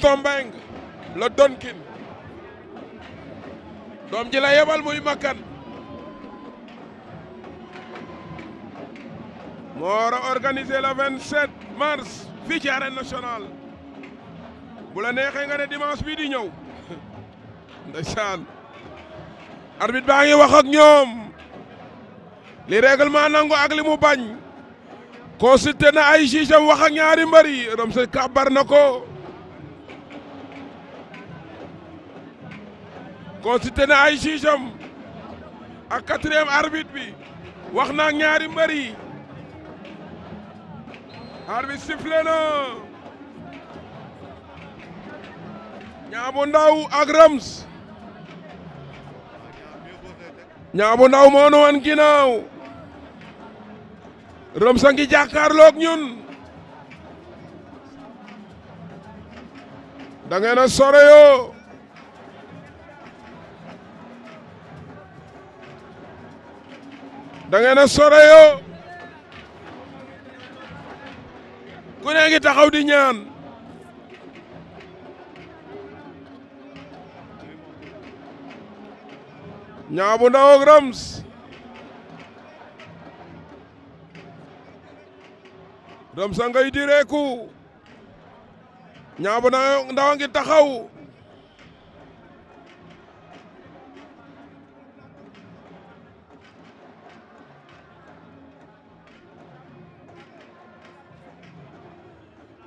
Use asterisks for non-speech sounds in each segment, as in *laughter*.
Tombeng la Donkin doom ji la yebal muy makkan moo war a organiser mars fii ci arène nationale bu la neexee nga ne dimanche bii di ñëw *laughs* ndeysaan arbitre baa ngi wax ak ñoom li règlement nangu ak li mu bañ consulté na ay juge am ñaari mbër yi rom sa kàbbar na ko consulté na ay juge am ak quatrième bi wax naa ñaari mbër yi arbitre sifflé na ñaabo ndaw ak rams ñaabo ndaw moo nu wan ginnaaw rams a ngi ñun da sore yoo da ngeen a sore yoo ku ne ngi taxaw di ñaan Niang Bou Ndaw ak Rams Rams a ngay direeku Niang Bou Ndaw ngi taxaw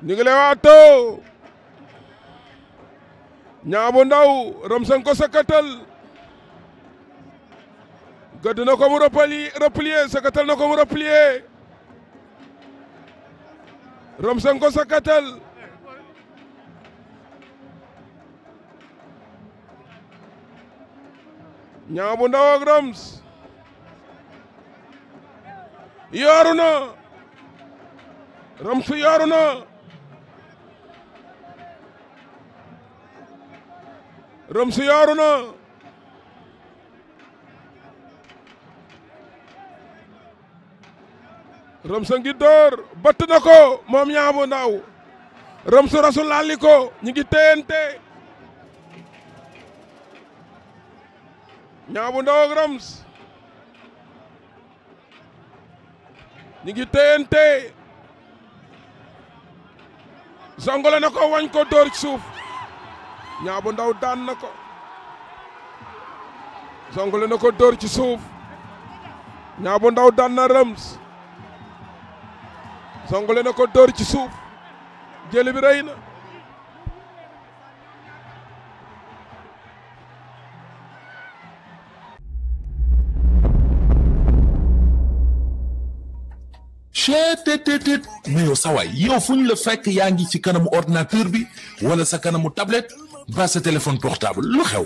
ñu ngi bu ndaw Ramsan ko sëkkatal na ko mu repli replier sëkkatal na ko mu replier Ramsan ko sëkkatal bu ndaw ak Rams yooru Rams yooru Rëms yaaru na Rëms a ngi ko moom Niang Ndaw Rëms rasu laali ko ñu ngi téyante Niang bu Ndaw ak Rëms ñu ngi téyante zongole na ko wañ ko dóor ci suuf ñaa bu ndaw daan na ko zongale na ko dóor ci suuf ñaa bu ndaw daan na rëms zongale na ko dóor ci suuf jëli bi rëy na cheetetetet mais yow sawaay yow fu la fekk yaa ngi ci kanamu ordinateur bi wala sa kanamu tablette ba sa téléphone portable lu xew